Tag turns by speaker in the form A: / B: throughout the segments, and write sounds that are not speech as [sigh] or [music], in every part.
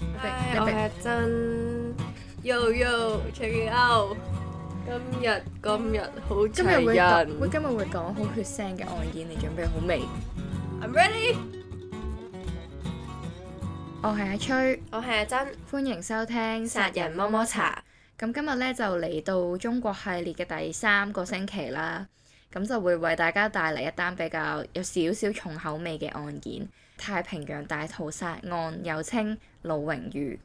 A: 我係阿珍 Yo Yo Check out，今日今日好齊人，會
B: 今日會講好血腥嘅案件嚟準備好未？I'm ready。我係阿崔，我係阿珍，歡迎收聽殺人摸摸茶。咁今日咧就嚟到中國系列嘅第三個星期啦。咁就會為大家帶嚟一單比較有少少重口味嘅案件——太平洋大屠殺案，又稱魯榮漁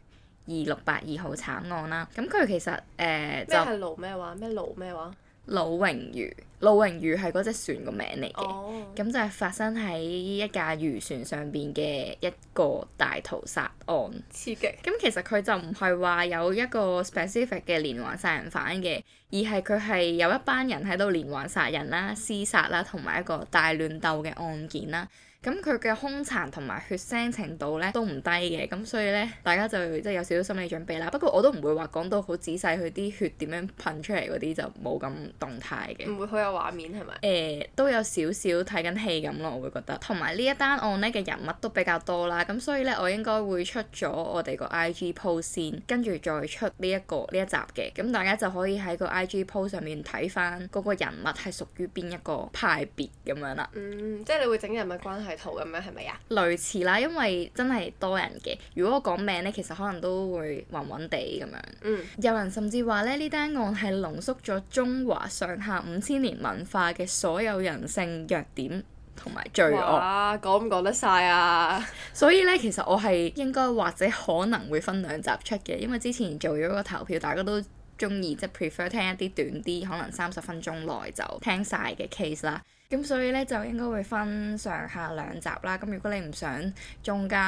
B: 二六八二號慘案啦。咁佢其實誒、呃、即係咩
A: 魯咩話？咩魯咩話？
B: 魯榮漁，魯榮漁係嗰隻船個名嚟嘅，咁、oh. 就係發生喺一架漁船上邊嘅一個大屠殺案。刺激。咁其實佢就唔係話有一個 specific 嘅連環殺人犯嘅，而係佢係有一班人喺度連環殺人啦、廝殺啦，同埋一個大亂鬥嘅案件啦。咁佢嘅凶殘同埋血腥程度咧都唔低嘅，咁所以咧大家就即係有少少心理準備啦。不過我都唔會話講到好仔細，佢啲血點樣噴出嚟嗰啲就冇咁動態嘅。唔會好有畫面係咪？誒、呃，都有少少睇緊戲咁咯，我會覺得。同埋呢一單案咧嘅人物都比較多啦，咁所以咧我應該會出咗我哋個 IG post 先，跟住再出呢一個呢一集嘅。咁大家就可以喺個 IG post 上面睇翻嗰個人物係屬於邊一個派別咁樣啦。嗯，
A: 即係你會整人物關係。係圖咁樣係咪啊？
B: 類似啦，因為真係多人嘅。如果我講名咧，其實可能都會暈暈地咁樣。嗯，有人甚至話咧呢單案係濃縮咗中華上下五千年文化嘅所有人性弱點同埋罪惡。哇，講唔講得晒啊？ [laughs] 所以咧，其實我係應該或者可能會分兩集出嘅，因為之前做咗個投票，大家都中意即係、就是、prefer 聽一啲短啲，可能三十分鐘內就聽晒嘅 case 啦。咁所以咧，就應該會分上下兩集啦。咁如果你唔想中間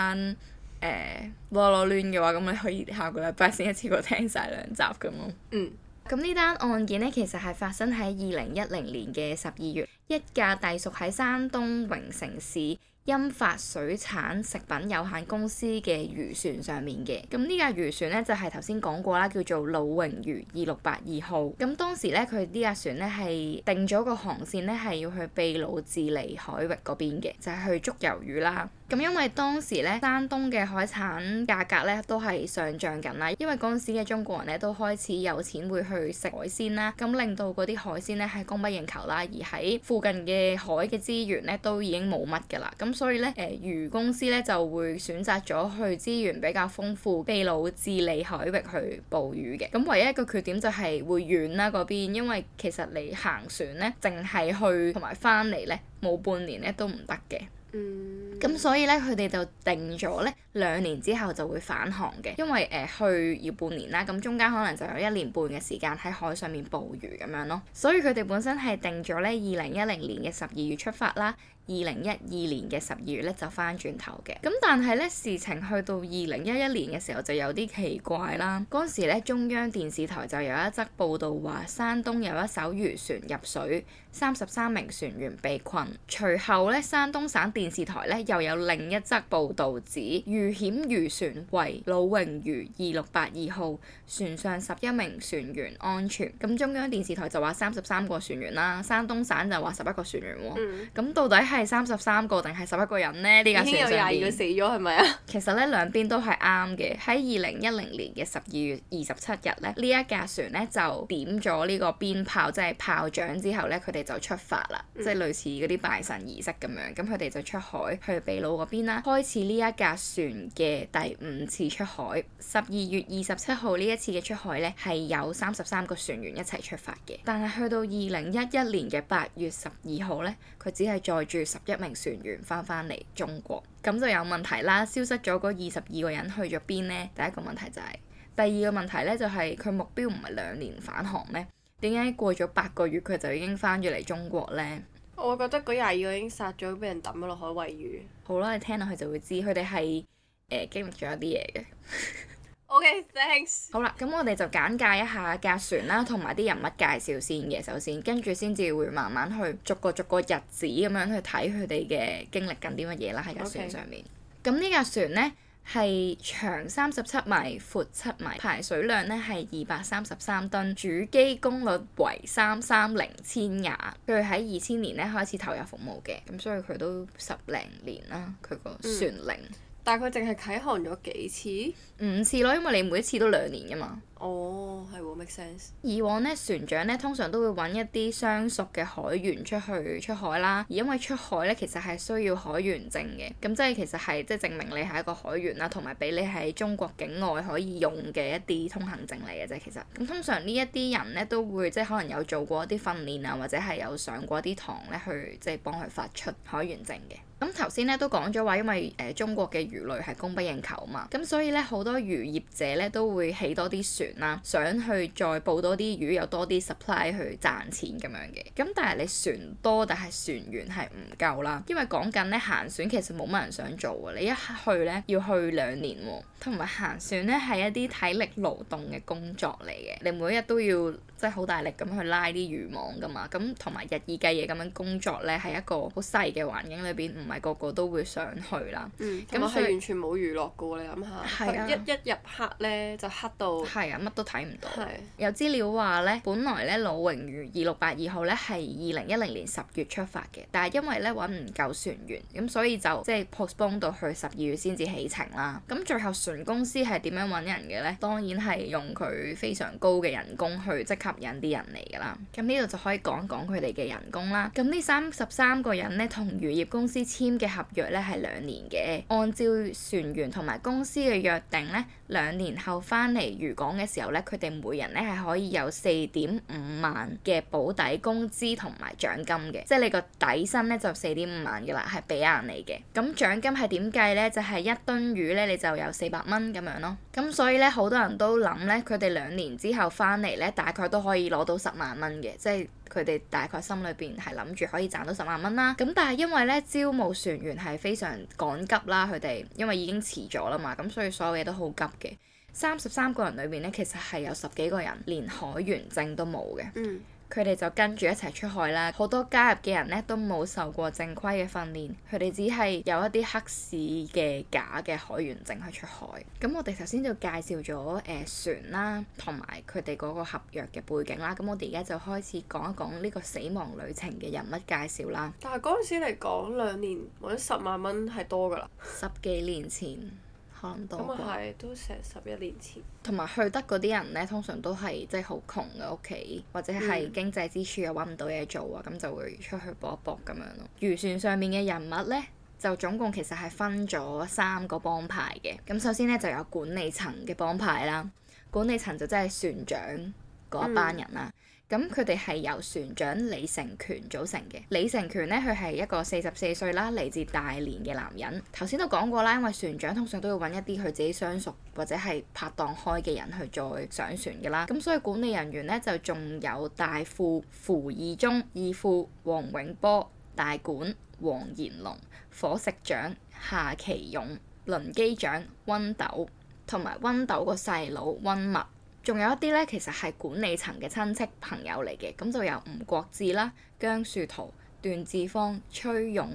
B: 誒囉囉攣嘅話，咁你可以下個禮拜先一次過聽晒兩集咁咯。嗯。咁呢單案件咧，其實係發生喺二零一零年嘅十二月，一架隸屬喺山東榮城市。鑫發水產食品有限公司嘅漁船上面嘅，咁呢架漁船咧就係頭先講過啦，叫做魯榮漁二六八二號。咁當時咧佢呢架船咧係定咗個航線咧係要去秘魯智利海域嗰邊嘅，就係、是、去捉魷魚啦。咁因為當時咧山東嘅海產價格咧都係上漲緊啦，因為嗰陣時嘅中國人咧都開始有錢會去食海鮮啦，咁令到嗰啲海鮮咧係供不應求啦，而喺附近嘅海嘅資源咧都已經冇乜㗎啦，咁。咁所以咧，誒、呃、漁公司咧就會選擇咗去資源比較豐富、秘魯智利海域去捕魚嘅。咁唯一一個缺點就係會遠啦嗰邊，因為其實你行船咧，淨係去同埋翻嚟咧，冇半年咧都唔得嘅。嗯，咁所以咧，佢哋就定咗咧，兩年之後就會返航嘅，因為誒、呃、去要半年啦，咁中間可能就有一年半嘅時間喺海上面捕魚咁樣咯。所以佢哋本身係定咗咧，二零一零年嘅十二月出發啦，二零一二年嘅十二月咧就翻轉頭嘅。咁但係咧，事情去到二零一一年嘅時候就有啲奇怪啦。嗰時咧，中央電視台就有一則報導話，山東有一艘漁船入水，三十三名船員被困。隨後咧，山東省電視台咧又有另一則報導指遇險漁船為魯榮漁二六八二號，船上十一名船員安全。咁中央電視台就話三十三個船員啦，山東省就話十一個船員喎、哦。咁、嗯、到底係三十三個定係十一個人呢？呢架船上面已經有廿二個死咗，係咪啊？其實咧兩邊都係啱嘅。喺二零一零年嘅十二月二十七日咧，呢一架船咧就點咗呢個鞭炮，即係炮仗之後咧，佢哋就出發啦，嗯、即係類似嗰啲拜神儀式咁樣。咁佢哋就出海去秘魯嗰邊啦，開始呢一架船嘅第五次出海。十二月二十七號呢一次嘅出海呢，係有三十三個船員一齊出發嘅。但係去到二零一一年嘅八月十二號呢，佢只係載住十一名船員翻返嚟中國，咁就有問題啦。消失咗嗰二十二個人去咗邊呢？第一個問題就係、是，第二個問題呢、就是，就係佢目標唔係兩年返航咩？點解過咗八個月佢就已經翻咗嚟中國呢？
A: 我覺得嗰廿二個已經殺咗，俾人抌咗落海喂魚。
B: 好啦，你聽落去就會知，佢哋係誒經歷咗啲嘢嘅。 [laughs] O.K. Thanks 好。好啦，咁我哋就簡介一下架船啦，同埋啲人物介紹先嘅，首先跟住先至會慢慢去逐個逐個日子咁樣去睇佢哋嘅經歷緊啲乜嘢啦喺架船上面。咁 Okay. 呢架船咧。係長三十七米，闊七米，排水量咧係二百三十三噸，主機功率為三三零千瓦。佢喺二千年咧開始投入服務嘅，咁所以佢都十零年啦。佢個船齡，但係佢淨係啟航咗幾次？五次咯，因為你每一次都兩年㗎嘛。
A: 哦，係 make sense。
B: 以往咧，船長咧通常都會揾一啲相熟嘅海員出去出海啦。而因為出海咧，其實係需要海員證嘅，咁即係其實係即係證明你係一個海員啦，同埋俾你喺中國境外可以用嘅一啲通行證嚟嘅啫。其實，咁通常呢一啲人咧都會即係可能有做過一啲訓練啊，或者係有上過一啲堂咧，去即係幫佢發出海員證嘅。咁頭先咧都講咗話，因為誒、呃、中國嘅魚類係供不應求啊嘛，咁所以咧，好多漁業者咧都會起多啲船。啦，想去再捕多啲魚，有多啲 supply 去賺錢咁樣嘅。咁但係你船多，但係船員係唔夠啦，因為講緊咧行船其實冇乜人想做嘅。你一去咧，要去兩年喎。同埋行船咧係一啲體力勞動嘅工作嚟嘅，你每日都要即係好大力咁去拉啲漁網噶嘛，咁同埋日以繼夜咁樣工作咧係一個好細嘅環境裏邊，唔係個個都會想去啦。嗯，咁佢那完全
A: 冇娛樂噶喎，你諗下，係啊，一一入黑咧就黑到係啊，乜都睇唔到。啊、
B: 有資料話咧，本來咧魯榮漁二六八二號咧係二零一零年十月出發嘅，但係因為咧揾唔夠船員，咁所以就即係 postpone 到去十二月先至起程啦。咁最後船公司係點樣揾人嘅呢？當然係用佢非常高嘅人工去即吸引啲人嚟㗎啦。咁呢度就可以講講佢哋嘅人工啦。咁呢三十三個人呢，同漁業公司簽嘅合約呢係兩年嘅。按照船員同埋公司嘅約定呢，兩年後翻嚟漁港嘅時候呢，佢哋每人呢係可以有四點五萬嘅保底工資同埋獎金嘅，即係你個底薪呢，就四點五萬㗎啦，係俾硬你嘅。咁、嗯、獎金係點計呢？就係、是、一噸魚呢，你就有四百。蚊咁樣咯，咁所以咧好多人都諗咧，佢哋兩年之後翻嚟咧，大概都可以攞到十萬蚊嘅，即係佢哋大概心裏邊係諗住可以賺到十萬蚊啦。咁但係因為咧招募船員係非常趕急啦，佢哋因為已經遲咗啦嘛，咁所以所有嘢都好急嘅。三十三個人裏邊咧，其實係有十幾個人連海員證都冇嘅。嗯。佢哋就跟住一齊出海啦。好多加入嘅人呢，都冇受過正規嘅訓練，佢哋只係有一啲黑市嘅假嘅海員證去出海。咁我哋頭先就介紹咗誒船啦，同埋佢哋嗰個合約嘅背景啦。咁我哋而家就開始講一講呢個死亡旅程嘅人物介紹啦。
A: 但係嗰陣時嚟講，兩年或者十萬蚊係多㗎啦。 [laughs] 十幾年前。
B: 咁啊係，嗯、
A: 都成十一年前。
B: 同埋去得嗰啲人咧，通常都係即係好窮嘅屋企，或者係經濟支柱又揾唔到嘢做啊，咁、嗯、就會出去搏一搏咁樣咯。漁船上面嘅人物咧，就總共其實係分咗三個幫派嘅。咁首先咧就有管理層嘅幫派啦，管理層就即係船長嗰一班人啦。嗯咁佢哋係由船長李成權組成嘅。李成權呢，佢係一個四十四歲啦，嚟自大連嘅男人。頭先都講過啦，因為船長通常都要揾一啲佢自己相熟或者係拍檔開嘅人去再上船噶啦。咁所以管理人員呢，就仲有大副傅義忠、二副黃永波、大管黃延龍、伙食長夏其勇、輪機長温斗同埋温斗個細佬温默。仲有一啲咧，其實係管理層嘅親戚朋友嚟嘅，咁就有吳國志啦、姜樹濤、段志芳、崔勇、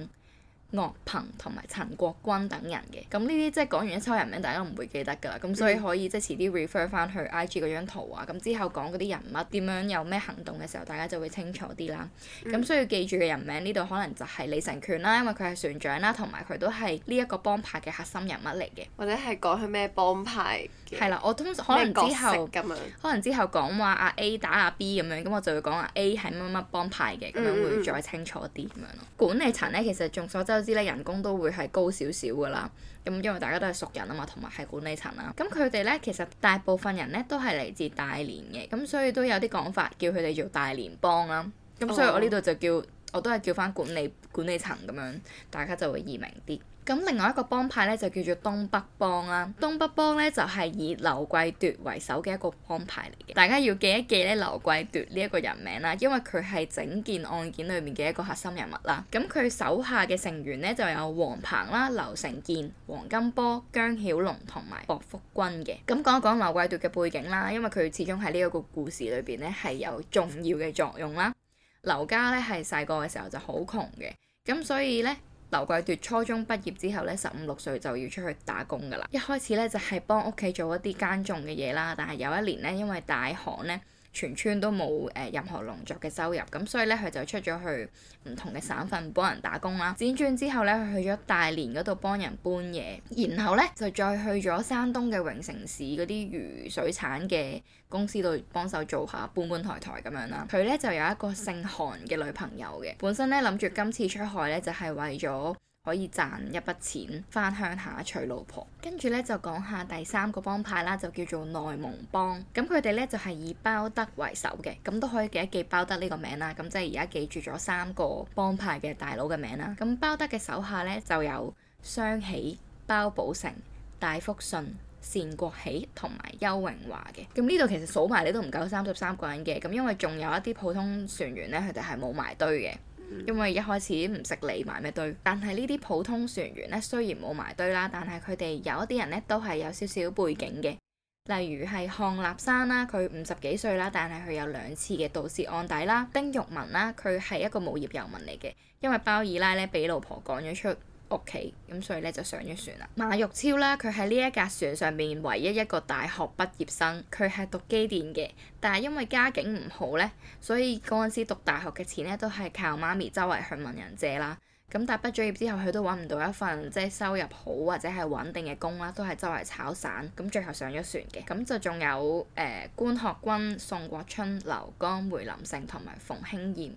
B: 岳鵬同埋陳國軍等人嘅。咁呢啲即係講完一抽人名，大家唔會記得噶啦。咁、嗯、所以可以即係遲啲 refer 翻去 IG 嗰張圖啊。咁之後講嗰啲人物點樣有咩行動嘅時候，大家就會清楚啲啦。咁需、嗯、要記住嘅人名，呢度可能就係李成權啦，因為佢係船長啦，同埋佢都係呢一個幫派嘅核心人物嚟嘅。
A: 或者係講佢咩幫派？係啦，我通常可能之後，
B: 可能之後講話阿 A 打阿 B 咁樣，咁我就會講話阿 A 係乜乜幫派嘅，咁樣會再清楚啲咁樣咯。管理層咧，其實眾所周知咧，人工都會係高少少噶啦。咁因為大家都係熟人啊嘛，同埋係管理層啦。咁佢哋咧，其實大部分人咧都係嚟自大連嘅，咁所以都有啲講法叫佢哋做大連幫啦。咁所以我呢度就叫，我都係叫翻管理管理層咁樣，大家就會易明啲。咁另外一個幫派咧就叫做東北幫啦，東北幫咧就係以劉貴奪為首嘅一個幫派嚟嘅。大家要記一記咧，劉貴奪呢一個人名啦，因為佢係整件案件裏面嘅一個核心人物啦。咁佢手下嘅成員咧就有黃鵬啦、劉成建、黃金波、姜曉龍同埋薄福軍嘅。咁講一講劉貴奪嘅背景啦，因為佢始終喺呢一個故事裏邊咧係有重要嘅作用啦。劉家咧係細個嘅時候就好窮嘅，咁所以咧。劉貴奪初中畢業之後咧，十五六歲就要出去打工㗎啦。一開始咧就係、是、幫屋企做一啲耕種嘅嘢啦，但係有一年咧，因為大旱咧。全村都冇誒、呃、任何農作嘅收入，咁所以呢，佢就出咗去唔同嘅省份幫人打工啦。輾轉之後呢，佢去咗大連嗰度幫人搬嘢，然後呢，就再去咗山東嘅榮城市嗰啲魚水產嘅公司度幫手做下搬搬抬抬咁樣啦。佢呢，就有一個姓韓嘅女朋友嘅，本身呢，諗住今次出海呢，就係、是、為咗。可以賺一筆錢翻鄉下娶老婆，跟住咧就講下第三個幫派啦，就叫做內蒙幫。咁佢哋咧就係、是、以包德為首嘅，咁都可以記一記包德呢個名啦。咁即係而家記住咗三個幫派嘅大佬嘅名啦。咁包德嘅手下咧就有雙喜、包寶成、戴福順、善國喜同埋邱榮華嘅。咁呢度其實數埋你都唔夠三十三個人嘅，咁因為仲有一啲普通船員咧，佢哋係冇埋堆嘅。因為一開始唔識理埋咩堆，但係呢啲普通船員咧，雖然冇埋堆啦，但係佢哋有一啲人咧都係有少少背景嘅，例如係項立山啦，佢五十幾歲啦，但係佢有兩次嘅盜竊案底啦，丁玉文啦，佢係一個無業遊民嚟嘅，因為包二奶咧俾老婆趕咗出屋企咁，所以咧就上咗船啦。馬玉超咧，佢喺呢一架船上面唯一一個大學畢業生，佢係讀機電嘅，但係因為家境唔好咧，所以嗰陣時讀大學嘅錢咧都係靠媽咪周圍去問人借啦。咁但係畢咗業之後，佢都揾唔到一份即係收入好或者係穩定嘅工啦，都係周圍炒散。咁最後上咗船嘅，咁就仲有誒官學軍、宋國春、劉江梅、林成同埋馮興燕。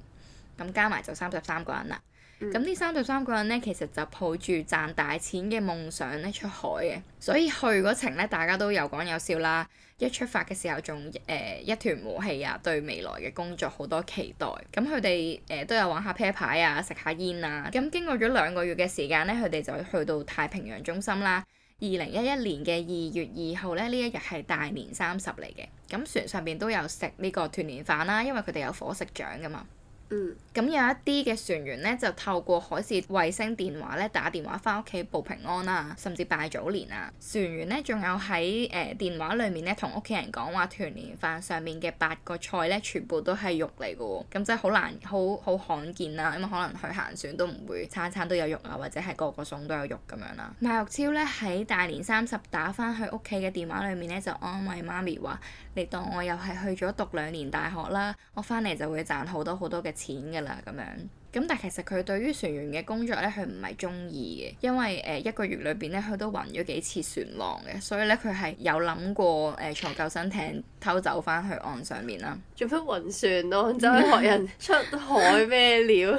B: 咁加埋就三十三個人啦。咁呢三十三個人咧，其實就抱住賺大錢嘅夢想咧出海嘅，所以去嗰程咧，大家都有講有笑啦。一出發嘅時候仲誒、呃、一團和氣啊，對未來嘅工作好多期待。咁佢哋誒都有玩下啤牌啊，食下煙啊。咁經過咗兩個月嘅時間咧，佢哋就去到太平洋中心啦。二零一一年嘅二月二號咧，呢一日係大年三十嚟嘅。咁船上面都有食呢個團年飯啦、啊，因為佢哋有伙食獎㗎嘛。咁、嗯、有一啲嘅船員咧，就透過海事衛星電話咧，打電話翻屋企報平安啦、啊，甚至拜早年啊！船員咧仲有喺誒、呃、電話裏面咧，同屋企人講話，團年飯上面嘅八個菜咧，全部都係肉嚟嘅喎，咁真係好難好好罕見啊！咁可能去行船都唔會餐餐都有肉啊，或者係個個餸都有肉咁樣啦。麥玉超咧喺大年三十打翻去屋企嘅電話裏面咧，就安慰媽咪話。當我又係去咗讀兩年大學啦，我翻嚟，就會賺好多好多嘅錢噶啦咁樣。咁但係其實佢對於船員嘅工作呢，佢唔係中意嘅，因為誒、呃、一個月裏邊呢，佢都暈咗幾次船浪嘅，所以呢，佢係有諗過誒、呃、坐救生艇偷走翻去岸上面啦。做乜暈船咯、啊？走去學人出海咩料？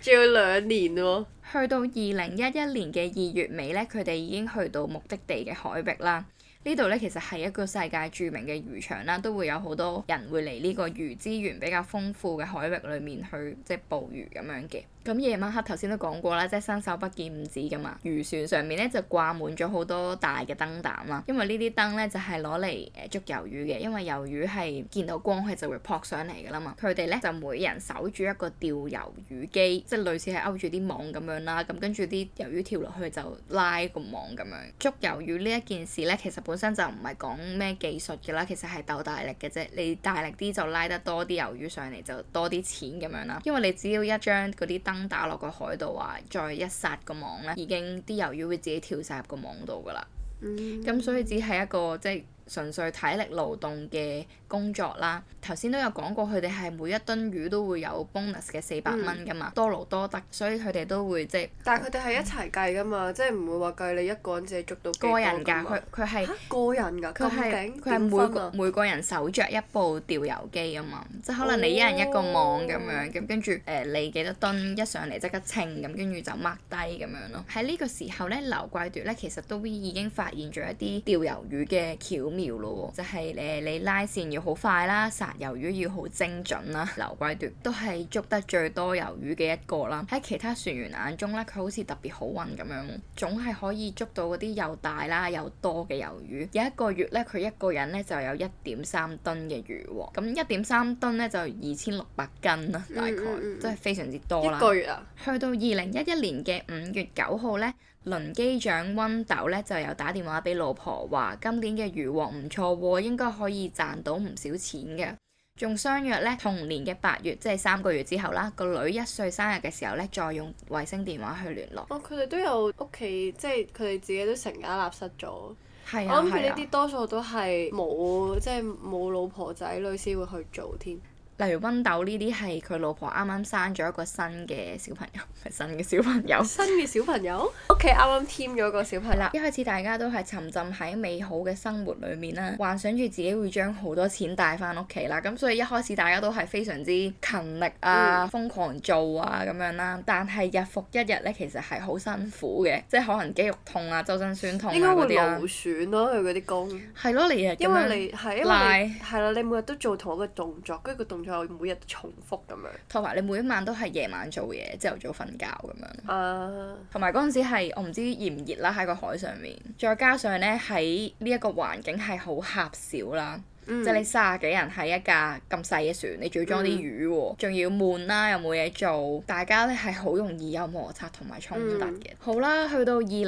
B: 仲 [laughs] 要兩年喎、啊？去到二零一一年嘅二月尾呢，佢哋已經去到目的地嘅海域啦。呢度咧其實係一個世界著名嘅漁場啦，都會有好多人會嚟呢個魚資源比較豐富嘅海域裡面去即係捕魚咁樣嘅。咁夜晚黑頭先都講過啦，即係伸手不見五指噶嘛。漁船上面咧就掛滿咗好多大嘅燈膽啦，因為呢啲燈咧就係攞嚟誒捉魷魚嘅，因為魷魚係見到光佢就會撲上嚟噶啦嘛。佢哋咧就每人守住一個釣魷魚機，即係類似係勾住啲網咁樣啦。咁跟住啲魷魚跳落去就拉個網咁樣。捉魷魚呢一件事咧，其實本身就唔係講咩技術㗎啦，其實係鬥大力嘅啫。你大力啲就拉得多啲魷魚上嚟就多啲錢咁樣啦，因為你只要一張嗰啲燈。打落個海度啊！再一撒個網咧，已經啲魷魚會自己跳晒入個網度噶啦。咁、嗯、所以只係一個即係。純粹體力勞動嘅工作啦，頭先都有講過，佢哋係每一噸魚都會有 bonus 嘅四百蚊噶嘛，多勞多得，所以佢哋都會即係。但係佢哋係一
A: 齊計噶嘛，即係唔會話計你一個人自己捉到幾多個人㗎？佢
B: 佢係個人㗎，佢係佢係每每個人手着一部釣魷機啊嘛，即係可能你一人一個網咁樣，咁跟住誒你幾多噸一上嚟即刻稱，咁跟住就 mark 低咁樣咯。喺呢個時候咧，劉貴奪咧其實都已經發現咗一啲釣魷魚嘅橋。妙咯，就係誒你，你拉線要好快啦，殺魷魚要好精準啦。 [laughs] 劉貴奪都係捉得最多魷魚嘅一個啦。喺其他船員眼中咧，佢好似特別好運咁樣，總係可以捉到嗰啲又大啦又多嘅魷魚。有一個月咧，佢一個人咧就有一點三噸嘅魚喎。咁一點三噸咧就二千六百斤啦，大概、mm hmm. 都係非常之多啦。一個月啊？去到二零一一年嘅五月九號咧。輪機長温豆咧就有打電話俾老婆，話今年嘅漁獲唔錯，應該可以賺到唔少錢嘅，仲相約咧同年嘅八月，即係三個月之後啦，個女一歲生日嘅時候咧，再用衛星電話去聯絡。
A: 哦，佢哋都有屋企，即係佢哋自己都成家立室咗。
B: 係啊，我諗佢呢啲多數都係冇即係冇老婆仔女先會去做添。例如温豆呢啲係佢老婆啱啱生咗一個新嘅小朋友，新嘅小，小朋友，新嘅小朋友，屋企啱啱添咗個小朋友。啦，一開始大家都係沉浸喺美好嘅生活裡面啦，幻想住自己會將好多錢帶翻屋企啦，咁所以一開始大家都係非常之勤力啊、嗯、瘋狂做啊咁樣啦。但係日復一日咧，其實係好辛苦嘅，即係可能肌肉痛啊、周身酸痛啊嗰啲啦。應該會
A: 勞損咯、啊，佢嗰啲工。
B: 係咯，你日因為你係因為係啦，你每日都做同一個動作，跟住個動。每日重複咁樣，同埋你每一晚都係夜晚做嘢，朝頭早瞓覺咁樣。啊、uh，同埋嗰陣時係我唔知熱唔熱啦，喺個海上面，再加上呢喺呢一個環境係好狹小啦，即係、嗯、你三十幾人喺一架咁細嘅船，你仲要裝啲魚、啊，仲、嗯、要悶啦、啊，又冇嘢做，大家呢係好容易有摩擦同埋衝突嘅。嗯、好啦，去到二零一一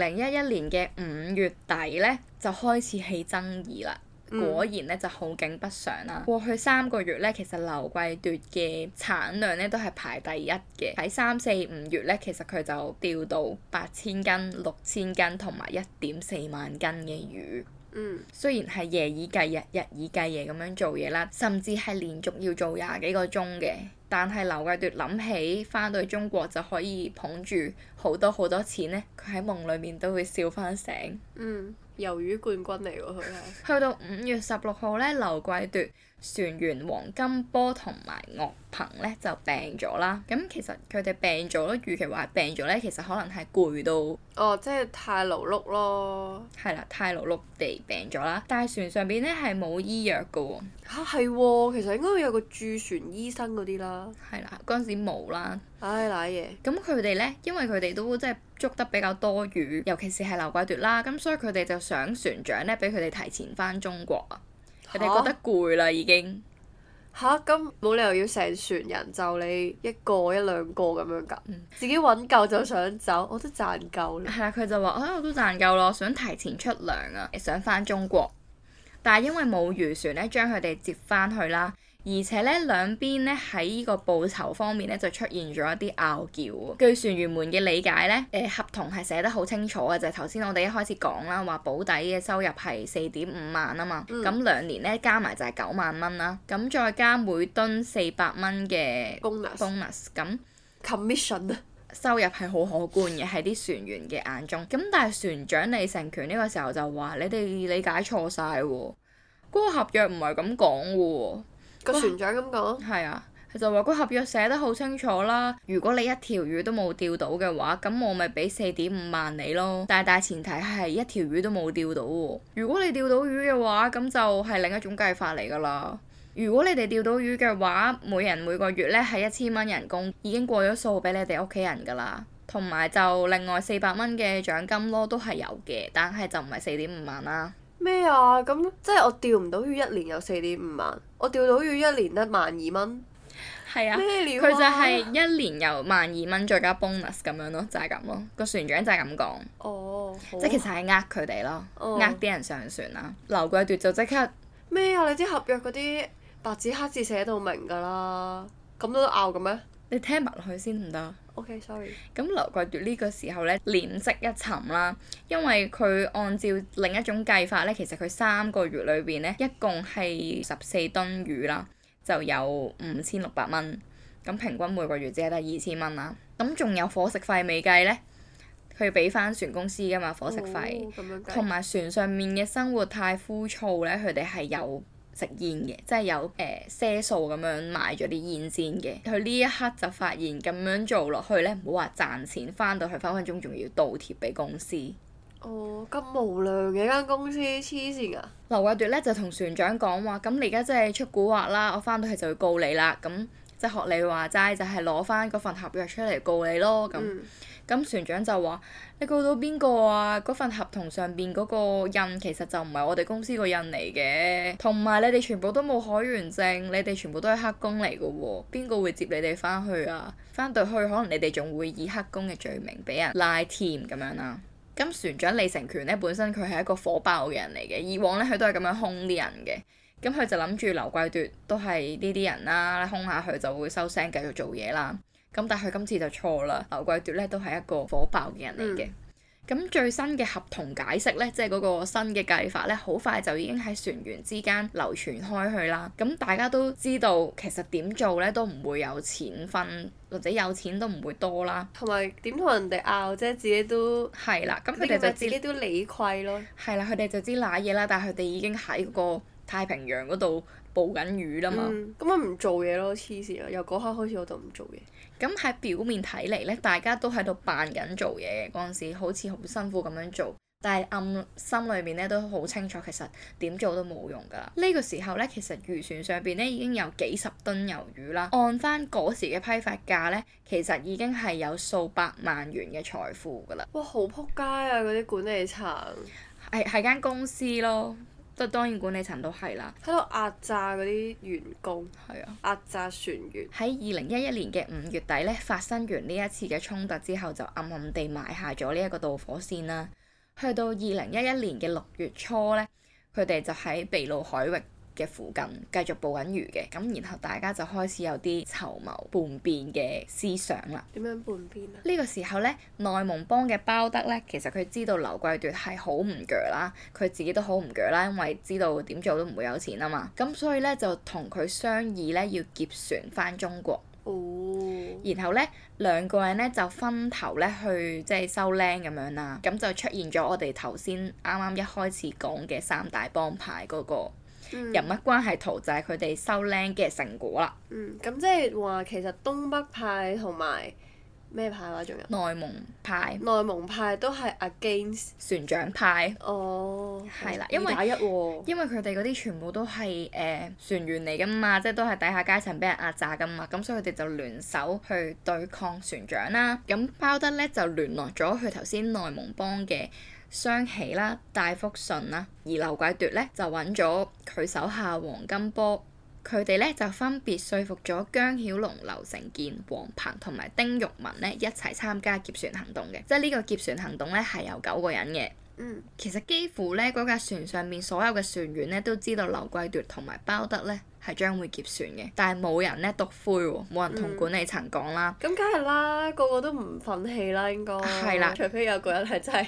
B: 年嘅五月底呢，就開始起爭議啦。果然咧、嗯、就好景不常啦。過去三個月咧，其實劉貴奪嘅產量咧都係排第一嘅。喺三四五月咧，其實佢就釣到八千斤、六千斤同埋一點四萬斤嘅魚。嗯。雖然係夜以繼日、日以繼夜咁樣做嘢啦，甚至係連續要做廿幾個鐘嘅，但係劉貴奪諗起翻到去中國就可以捧住好多好多錢咧，佢喺夢裏面都會笑翻醒。嗯。
A: 魷魚冠軍嚟喎，佢
B: 係 [laughs] 去到五月十六號咧，劉貴奪。船員黃金波同埋岳鵬咧就病咗啦，咁其實佢哋病咗咯，與其話病咗咧，其實可能係攰到哦，即係太勞碌咯，係啦，太勞碌地病咗啦，但係船上邊咧係冇醫藥噶喎，吓係、啊，其實應該會有個駐船醫生嗰啲啦，係啦，嗰陣時冇啦，唉，瀨嘢，咁佢哋咧，因為佢哋都即係捉得比較多魚，尤其是係劉貴奪啦，咁所以佢哋就想船長咧俾佢哋提前翻中國啊。佢哋覺得攰啦，已經吓？咁冇理由要成船人就你一個一兩個咁樣㗎，嗯、自己揾夠就想走我、嗯就啊，我都賺夠啦。係啦，佢就話：哎，我都賺夠咯，想提前出糧啊，想翻中國，但係因為冇漁船咧，將佢哋接翻去啦。而且咧，兩邊咧喺呢個報酬方面咧，就出現咗一啲拗撬。據船員們嘅理解咧，誒、呃、合同係寫得好清楚嘅，就係頭先我哋一開始講、嗯、啦，話保底嘅收入係四點五萬啊嘛。咁兩年咧加埋就係九萬蚊啦。咁再加每噸四百蚊嘅 bonus bonus 咁 commission 收入係好可觀嘅，喺啲船員嘅眼中。咁但係船長李成權呢個時候就話：你哋理解錯晒喎，嗰、那個合約唔係咁講喎。個船長咁講，係啊，佢、啊、就話個合約寫得好清楚啦。如果你一條魚都冇釣到嘅話，咁我咪俾四點五萬你咯。但係大前提係一條魚都冇釣到喎、啊。如果你釣到魚嘅話，咁就係另一種計法嚟㗎啦。如果你哋釣到魚嘅話，每人每個月咧係一千蚊人工，已經過咗數俾你哋屋企人㗎啦。同埋就另外四百蚊嘅獎金咯，都係有嘅，但係就唔係四點五萬啦。
A: 咩啊？咁即係我釣唔到魚，一年有四點五萬；我釣到魚
B: 一年一萬二蚊，
A: 係啊，咩料啊？佢就係
B: 一年有萬二蚊，再加 bonus 咁樣咯，就係咁咯。個船長就係咁講
A: ，oh, 即係其實
B: 係呃佢哋咯，呃啲、oh。人上船啦。劉貴奪就即刻
A: 咩啊？你啲合約嗰啲白紙
B: 黑字寫到明㗎啦，咁都拗嘅咩？你聽埋落去先唔得。O.K. sorry。咁劉貴奪呢個時候咧，臉色一沉啦，因為佢按照另一種計法咧，其實佢三個月裏邊咧，一共係十四噸魚啦，就有五千六百蚊。咁平均每個月只係得二千蚊啦。咁仲有伙食費未計咧，佢俾翻船公司㗎嘛，伙食費，同埋、哦、船上面嘅生活太枯燥咧，佢哋係有。食煙嘅，即係有誒、呃、些數咁樣買咗啲煙先嘅，佢呢一刻就發現咁樣做落去呢，唔好話賺錢，翻到去分分鐘仲要倒貼俾公司。哦，咁無良嘅間公司，黐線㗎！劉桂奪呢就同船長講話：咁你而家真係出詭惑蠱惑啦，我翻到去就要告你啦。咁即係學你話齋，就係攞翻嗰份合約出嚟告你咯咁。咁、嗯、船長就話：你告到邊個啊？嗰份合同上邊嗰個印其實就唔係我哋公司個印嚟嘅，同埋你哋全部都冇海員證，你哋全部都係黑工嚟嘅喎。邊個會接你哋翻去啊？翻到去可能你哋仲會以黑工嘅罪名俾人拉添咁樣啦。咁船長李成權咧，本身佢係一個火爆嘅人嚟嘅，以往咧佢都係咁樣兇啲人嘅。咁佢就諗住劉貴奪都係呢啲人啦，空下佢就會收聲繼續做嘢啦。咁但係佢今次就錯啦。劉貴奪咧都係一個火爆嘅人嚟嘅。咁、嗯、最新嘅合同解釋咧，即係嗰個新嘅計法咧，好快就已經喺船員之間流傳開去啦。咁大家都知道其實點做咧都唔會有錢分，或者有錢都唔會多啦。同埋點同人哋拗啫，自己都係啦。咁佢哋就是是自己都理虧咯。係啦，佢哋就知瀨嘢啦，但係佢哋已經喺、嗰個。太平洋嗰度捕緊魚啦嘛，咁咪唔做嘢咯，黐線啊！由嗰刻開始我就唔做嘢。咁喺表面睇嚟呢，大家都喺度扮緊做嘢嘅嗰陣時，好似好辛苦咁樣做，但係暗心裏面呢都好清楚，其實點做都冇用噶。呢個時候呢，其實漁船上邊呢已經有幾十噸魷魚啦，按翻嗰時嘅批發價呢，其實已經係有數百萬元嘅財富噶啦。哇！好撲街啊，嗰啲管理層係係間公司咯。都當然管理層都係啦，喺度壓榨嗰啲員工，係啊，壓榨船員。喺二零一一年嘅五月底咧，發生完呢一次嘅衝突之後，就暗暗地埋下咗呢一個導火線啦。去到二零一一年嘅六月初咧，佢哋就喺秘魯海域嘅附近繼續捕緊魚嘅，咁，然後大家就開始有啲籌謀叛變嘅思想啦。
A: 點樣叛變
B: 啊？呢個時候呢，內蒙幫嘅包德呢，其實佢知道劉貴奪係好唔鋸啦，佢自己都好唔鋸啦，因為知道點做都唔會有錢啊嘛。咁所以呢，就同佢商議呢，要劫船翻中國。哦。然後呢，兩個人呢，就分頭呢去即係收兵咁樣啦。咁就出現咗我哋頭先啱啱一開始講嘅三大幫派嗰個。人物關係圖就係佢哋收僆嘅成果啦。嗯，
A: 咁即係話其實東北派同埋咩派啦？
B: 仲有內蒙派。內蒙派都係 against 船長派。哦，係啦，因為、哦、因為佢哋嗰啲全部都係誒、呃、船員嚟噶嘛，即係都係底下階層俾人壓榨噶嘛，咁所以佢哋就聯手去對抗船長啦。咁包德咧就聯絡咗佢頭先內蒙幫嘅雙喜啦，大福順啦，而劉貴奪咧就揾咗佢手下黃金波，佢哋咧就分別説服咗姜曉龍、劉成建、黃鵬同埋丁玉文咧一齊參加劫船行動嘅，即係呢個劫船行動咧係有九個人嘅。嗯，其實幾乎咧嗰架船上面所有嘅船員咧都知道劉貴奪同埋包德咧係將會劫船嘅，但係冇人咧篤灰，冇人同管理層講啦。咁梗係啦，個個都唔
A: 忿氣啦，應該係啦，除非有個人係真係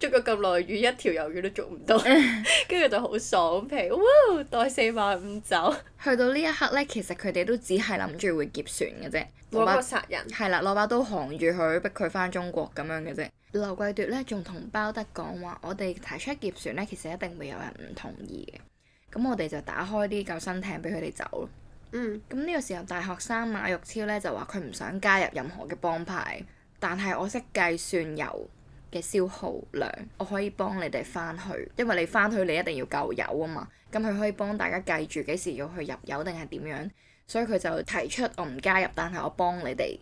A: 捉咗咁耐魚，一條魷魚都捉
B: 唔到，跟住、嗯、就好爽皮，哇，袋四萬五走。去到呢一刻咧，其實佢哋都只係諗住會劫船嘅啫，攞刀殺人。係啦，攞把刀扛住佢，逼佢翻中國咁樣嘅啫。劉貴奪咧仲同包德講話，我哋提出劫船咧，其實一定會有人唔同意嘅。咁我哋就打開啲救生艇俾佢哋走。嗯。咁呢個時候，大學生馬玉超咧就話佢唔想加入任何嘅幫派，但係我識計算油嘅消耗量，我可以幫你哋翻去，因為你翻去你一定要夠油啊嘛。咁佢可以幫大家計住幾時要去入油定係點樣，所以佢就提出我唔加入，但係我幫你哋。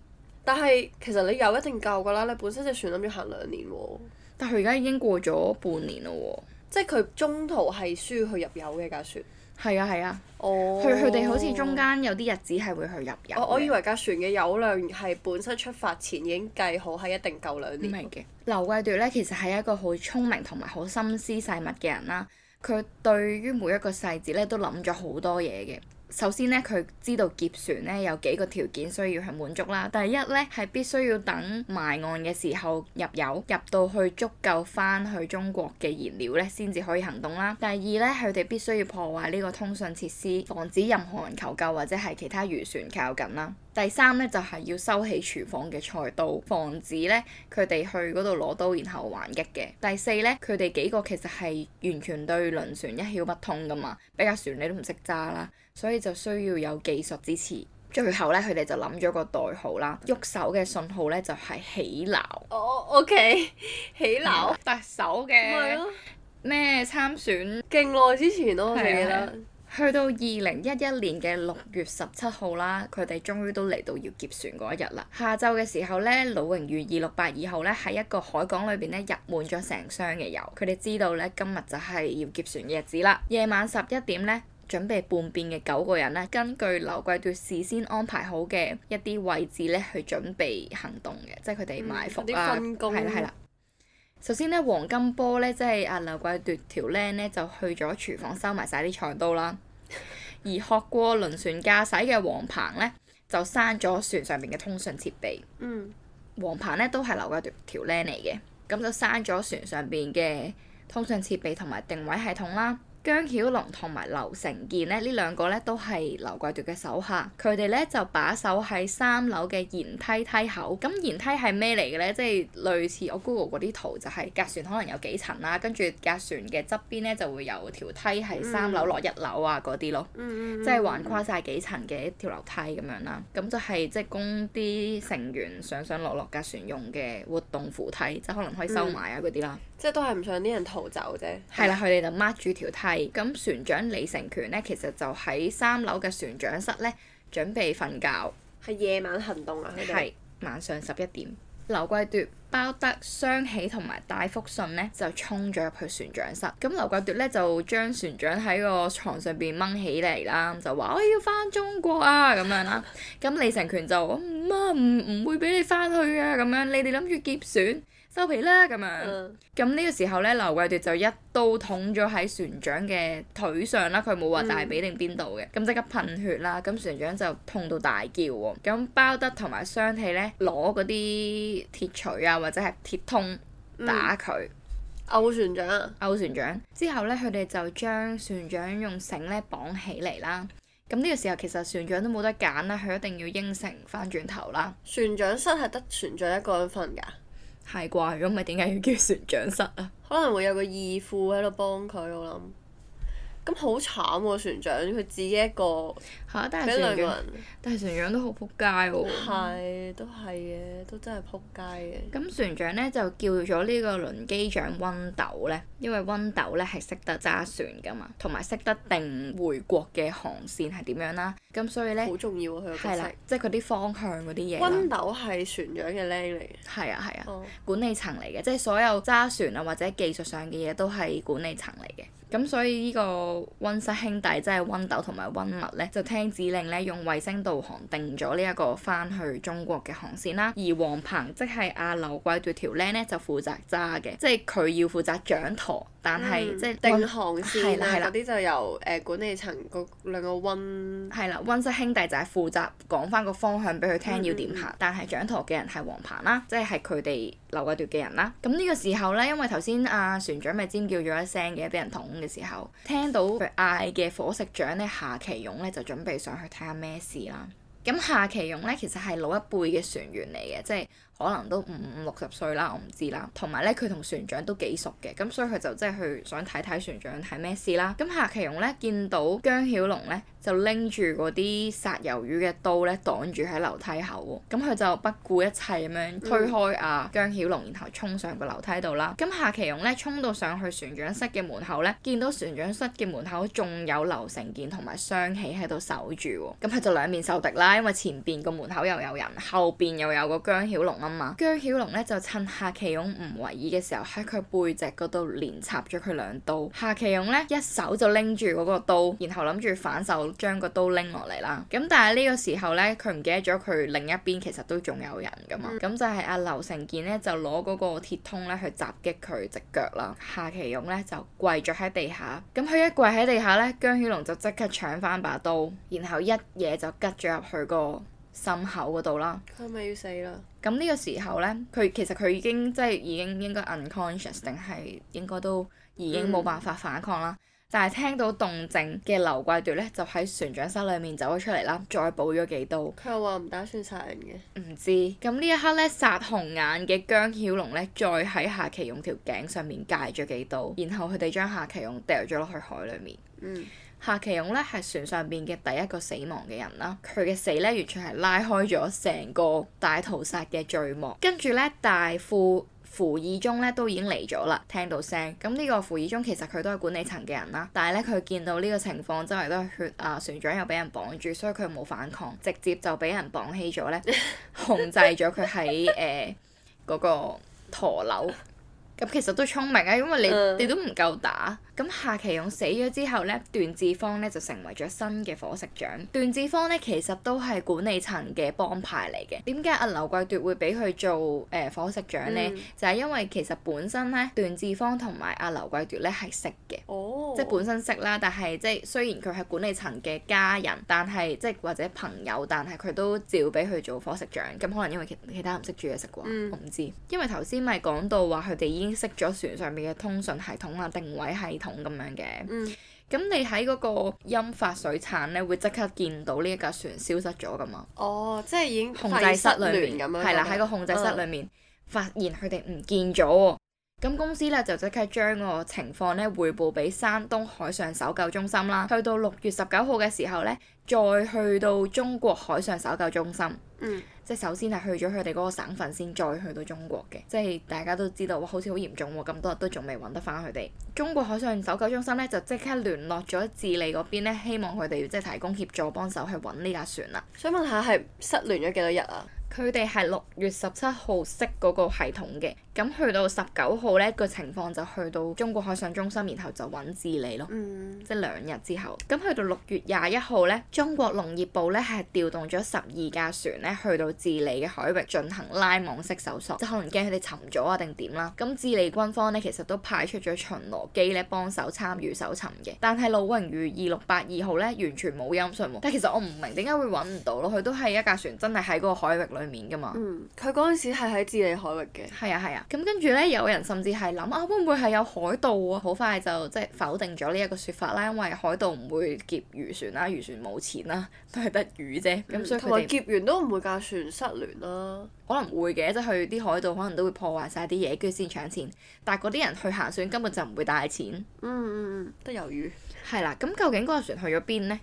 B: 但係其實你有一
A: 定夠㗎啦，你本身隻船諗住行兩年喎。
B: 但係佢而家已經過咗半年啦喎。
A: 即係佢中途係需要去入油嘅架船。
B: 係啊係啊。哦、啊。佢佢哋好似中間有啲日子係會去入油。我
A: 我以為架船嘅油量係本身出發前已經計
B: 好係一定夠兩年嘅。劉貴奪咧其實係一個好聰明同埋好心思細密嘅人啦。佢對於每一個細節咧都諗咗好多嘢嘅。首先咧，佢知道劫船咧有幾個條件需要去滿足啦。第一咧，係必須要等埋岸嘅時候入油，入到去足夠翻去中國嘅燃料咧，先至可以行動啦。第二咧，佢哋必須要破壞呢個通訊設施，防止任何人求救或者係其他漁船靠近啦。第三咧，就係、是、要收起廚房嘅菜刀，防止咧佢哋去嗰度攞刀然後還擊嘅。第四咧，佢哋幾個其實係完全對輪船一竅不通㗎嘛，比較船你都唔識揸啦，所以就需要有技術支持。最後咧佢哋就諗咗個代號啦，喐手嘅信號咧就係、是、起錨。哦，OK，起錨特首嘅咩參選勁耐、啊、之前都我記得去到二零一一年嘅六月十七號啦，佢哋終於都嚟到要劫船嗰一日啦。下晝嘅時候咧，魯榮漁二六八二號咧喺一個海港裏邊咧入滿咗成箱嘅油。佢哋知道咧今日就係要劫船嘅日子啦。夜晚十一點咧，準備叛變嘅九個人咧，根據劉貴奪事先安排好嘅一啲位置咧去準備行動嘅，即係佢哋埋伏啊，係啦係啦。首先咧，黃金波咧即係阿劉貴奪條靚咧，就去咗廚房收埋晒啲菜刀啦。 [laughs] 而學過輪船駕駛嘅黃鵬咧，就刪咗船上邊嘅通訊設備。嗯。黃鵬咧都係劉貴奪條靚嚟嘅，咁就刪咗船上邊嘅通訊設備同埋定位系統啦。姜曉龍同埋劉成健咧，呢兩個咧都係劉貴奪嘅手下，佢哋咧就把守喺三樓嘅舷梯梯口。咁舷梯係咩嚟嘅咧？即係類似我 Google 嗰啲圖，就係架船可能有幾層啦，跟住架船嘅側邊咧就會有條梯係三樓落一樓啊嗰啲咯，
A: 即係橫跨
B: 晒幾層嘅一條樓梯咁樣啦。咁就係即係供啲成員上上落落架船用嘅活動扶梯，嗯、即係可能可以收埋啊嗰啲啦。
A: 即係都係唔想啲人逃走啫。
B: 係啦、嗯，佢哋、啊、就掹住條梯。係咁，船長李成權咧，其實就喺三樓嘅船長室咧，準備瞓覺。係夜晚行動啊！呢度，係晚上十一點，劉貴奪、包得雙喜同埋戴福信咧就衝咗入去船長室。咁劉貴奪咧就將船長喺個床上邊掹起嚟啦，就話我要翻中國啊！咁樣啦。咁 [laughs] 李成權就唔啊唔唔會俾你翻去啊！咁樣你哋諗住劫船？收皮啦！咁樣咁呢、嗯、個時候呢，劉貴奪就一刀捅咗喺船長嘅腿上啦。佢冇話大髀定邊度嘅，咁即、嗯、刻噴血啦。咁船長就痛到大叫喎。咁包得同埋雙喜呢，攞嗰啲鐵錘啊，或者係鐵通打佢。毆、嗯、船長，毆船長之後呢，佢哋就將船長用繩呢綁起嚟啦。咁呢個時候其實船長都冇得揀啦，佢一定要應承翻轉頭啦。船長室係得船長一個人瞓㗎。係啩，咁咪點解要叫船長室啊？
A: [laughs] 可能會有個義父喺度幫佢，我諗。咁好慘喎船長，佢自己一個嚇、啊，但係船長，
B: 但係船長都好撲街喎。係、 [laughs] 啊，
A: 都係嘅，都真係撲街
B: 嘅。咁船長咧就叫咗呢個輪機長温斗，咧，因為温斗咧係識得揸船噶嘛，同埋識得定回國嘅航線係點樣啦。咁所以咧好重要啊！佢係啦，即係佢啲方向嗰啲嘢。温斗係船長嘅僆嚟嘅。係啊係啊，啊，管理層嚟嘅，即係所有揸船啊或者技術上嘅嘢都係管理層嚟嘅。咁所以呢個溫室兄弟即係溫斗同埋溫密咧，就聽指令咧用衛星導航定咗呢一個翻去中國嘅航線啦。而黃鵬即係阿劉貴奪條僆咧就負責揸嘅，即係佢要負責掌舵，但係、嗯、即係定航線啦嗰啲就
A: 由誒管理層個兩個溫
B: 係啦，溫室兄弟就係負責講翻個方向俾佢聽、嗯、要點行，但係掌舵嘅人係黃鵬啦，即係係佢哋劉貴奪嘅人啦。咁呢、嗯、個時候咧，因為頭先阿船長咪尖叫咗一聲嘅，俾人捅嘅時候聽到。好嗌嘅伙食長咧，夏其勇咧就準備上去睇下咩事啦。咁夏其勇咧，其實係老一輩嘅船員嚟嘅，即係。可能都五五六十歲啦，我唔知啦。同埋咧，佢同船長都幾熟嘅，咁所以佢就即係去想睇睇船長係咩事啦。咁夏琦勇咧見到姜曉龍咧就拎住嗰啲殺魷魚嘅刀咧擋住喺樓梯口喎。咁佢就不顧一切咁樣推開啊姜曉龍，然後衝上個樓梯度啦。咁夏琦勇咧衝到上去船長室嘅門口咧，見到船長室嘅門口仲有劉成健同埋雙喜喺度守住喎。咁佢就兩面受敵啦，因為前邊個門口又有人，後邊又有個姜曉龍。啊嘛，姜曉龍咧就趁夏其勇唔為意嘅時候喺佢背脊嗰度連插咗佢兩刀。夏其勇咧一手就拎住嗰個刀，然後諗住反手將個刀拎落嚟啦。咁但係呢個時候咧，佢唔記得咗佢另一邊其實都仲有人噶嘛。咁就係阿劉成健咧就攞嗰個鐵通咧去襲擊佢隻腳啦。夏其勇咧就跪咗喺地下，咁佢一跪喺地下咧，姜曉龍就即刻搶翻把刀，然後一嘢就拮咗入去，那個。心口嗰度啦，
A: 佢咪要死啦！
B: 咁呢個時候呢，佢其實佢已經即係已經應該 unconscious，定係應該都已經冇辦法反抗啦。嗯、但係聽到動靜嘅劉桂奪呢，就喺船長室裡面走咗出嚟啦，再補咗幾刀。佢又話唔打算殺人嘅。唔知。咁呢一刻呢，殺紅眼嘅姜曉龍呢，再喺夏奇勇條頸上面解咗幾刀，然後佢哋將夏奇勇掉咗落去海裡面。嗯。夏奇勇咧係船上邊嘅第一個死亡嘅人啦，佢嘅死咧完全係拉開咗成個大屠殺嘅序幕。跟住咧，大副傅義忠咧都已經嚟咗啦，聽到聲。咁呢個傅義忠其實佢都係管理層嘅人啦，但係咧佢見到呢個情況，周圍都係血啊，船長又俾人綁住，所以佢冇反抗，直接就俾人綁起咗咧，控制咗佢喺誒嗰個陀樓。咁其實都聰明啊，因為你你都唔夠打。咁夏其勇死咗之後咧，段志芳咧就成為咗新嘅伙食長。段志芳咧其實都係管理層嘅幫派嚟嘅。點解阿劉貴奪會俾佢做誒、呃、伙食長咧？嗯、就係因為其實本身咧段志芳同埋阿劉貴奪咧係識嘅，哦、即係本身識啦。但係即係雖然佢係管理層嘅家人，但係即係或者朋友，但係佢都照俾佢做伙食長。咁可能因為其其他唔識煮嘢食啩，嗯、我唔知。因為頭先咪講到話佢哋已經識咗船上面嘅通訊系統啊、定位係。桶咁樣嘅，咁、嗯、你喺嗰個音發水產咧，會即刻見到呢一架船消失咗㗎嘛？
A: 哦，即係已經裡控制室裏面咁樣，係啦，喺個控制室裏
B: 面、哦、發現佢哋唔見咗喎。咁公司咧就即刻將個情況咧匯報俾山東海上搜救中心啦。去到六月十九號嘅時候咧，再去到中國海上搜救中心。嗯。即首先係去咗佢哋嗰個省份先，再去到中國嘅。即係大家都知道，哇，好似好嚴重喎，咁多日都仲未搵得翻佢哋。中國海上搜救中心咧就即刻聯絡咗智利嗰邊咧，希望佢哋要即係提供協助幫手去搵呢架船啦。想問下係失聯咗幾多日啊？佢哋係六月十七號識嗰個系統嘅，咁去到十九號呢個情況就去到中國海上中心，然後就揾智利咯，嗯、即係兩日之後。咁去到六月廿一號呢，中國農業部呢係調動咗十二架船呢去到智利嘅海域進行拉網式搜索，即可能驚佢哋沉咗啊定點啦。咁、啊、智利軍方呢，其實都派出咗巡邏機呢幫手參與搜尋嘅，但係魯榮漁二六八二號呢，完全冇音訊喎。但其實我唔明點解會揾唔到咯，佢都係一架船真係喺嗰個海域裏。對面噶嘛？嗯，佢嗰陣時係喺智利海域嘅。係啊係啊，咁跟住咧，有人甚至係諗啊，會唔會係有海盜啊？好快就即係否定咗呢一個說法啦，因為海盜唔會劫漁船啦、啊，漁船冇錢啦、啊，都係得魚啫。咁所以同埋劫完都唔會架船失聯啦、啊。可能會嘅，即係去啲海盜可能都會破壞晒啲嘢，跟住先搶錢。但係嗰啲人去行船根本就唔會帶錢。嗯嗯，得魷魚。係啦、啊，咁究竟嗰個船去咗邊呢？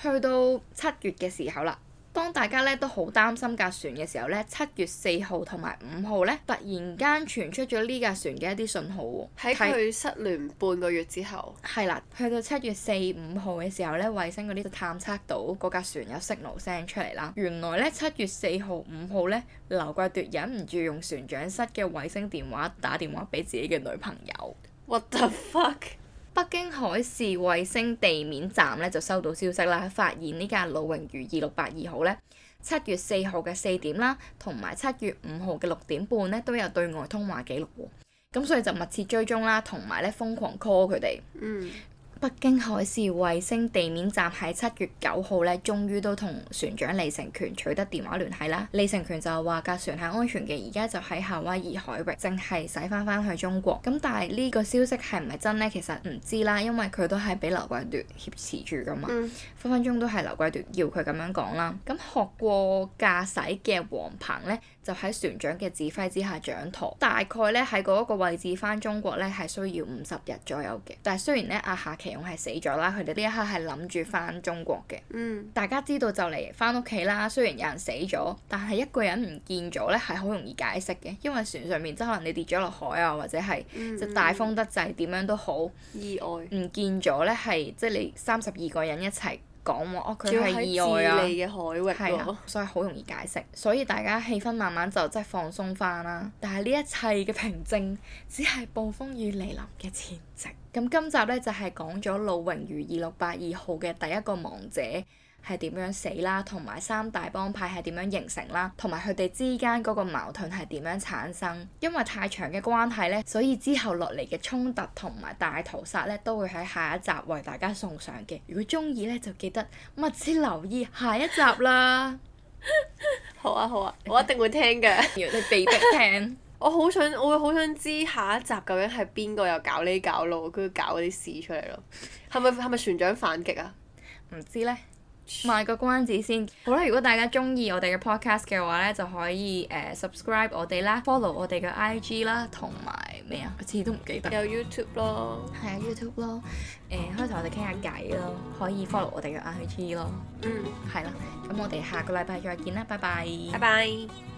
B: 去到七月嘅時候啦。當大家咧都好擔心架船嘅時候咧，七月四號同埋五號咧，突然間傳出咗呢架船嘅一啲信號，喺佢失聯半個月之後。係啦，去到七月四五號嘅時候咧，衛星嗰啲就探測到嗰架船有信號聲出嚟啦。原來咧，七月四號五號咧，劉貴奪忍唔住用船長室嘅衛星電話打電話俾自己嘅女朋友。What the fuck？北京海事衛星地面站咧就收到消息啦，發現魯魚呢架魯榮漁二六八二號咧，七月四號嘅四點啦，同埋七月五號嘅六點半咧都有對外通話記錄，咁所以就密切追蹤啦，同埋咧瘋狂 call 佢哋。嗯北京海事衛星地面站喺七月九號咧，終於都同船長李成權取得電話聯繫啦。李成權就話架船係安全嘅，而家就喺夏威夷海域，淨係駛翻翻去中國。咁但係呢個消息係唔係真咧？其實唔知啦，因為佢都係俾劉貴奪挾持住噶嘛，嗯、分分鐘都係劉貴奪要佢咁樣講啦。咁學過駕駛嘅黃鵬咧。就喺船長嘅指揮之下掌舵，大概咧喺嗰一個位置翻中國咧係需要五十日左右嘅。但係雖然咧阿夏奇勇係死咗啦，佢哋呢一刻係諗住翻中國嘅。嗯，大家知道就嚟翻屋企啦。雖然有人死咗，但係一個人唔見咗咧係好容易解釋嘅，因為船上面即係可能你跌咗落海啊，或者係就大風得滯點樣都好，意外唔見咗咧係即係你三十二個人一齊。講哦，佢係智利嘅海域、哦、所以好容易解釋，所以大家氣氛慢慢就即係放鬆翻啦。但係呢一切嘅平靜，只係暴風雨嚟臨嘅前夕。咁今集呢，就係講咗魯榮漁二六八二號嘅第一個亡者。係點樣死啦？同埋三大幫派係點樣形成啦？同埋佢哋之間嗰個矛盾係點樣產生？因為太長嘅關係呢，所以之後落嚟嘅衝突同埋大屠殺呢，都會喺下一集為大家送上嘅。如果中意呢，就記得密切留意下一集啦。 [laughs] 好啊，好啊，我一定會聽嘅。 [laughs] [laughs] 你被迫聽，
A: [laughs] 我好想，我好想知下一集究竟係邊個又搞呢搞路，佢搞嗰啲
B: 事出嚟咯？係咪係咪船長反擊啊？唔 [laughs] 知呢。賣個關子先，好啦！如果大家中意我哋嘅 podcast 嘅話呢，就可以誒、呃、subscribe 我哋啦，follow 我哋嘅 IG 啦，同埋咩啊？我自己都唔記得。有 YouTube 咯、啊、YouTube 咯。係啊，YouTube 咯。誒，可以同我哋傾下偈咯。可以 follow 我哋嘅 IG 咯。嗯，係啦。咁我哋下個禮拜再見啦，拜拜。拜拜。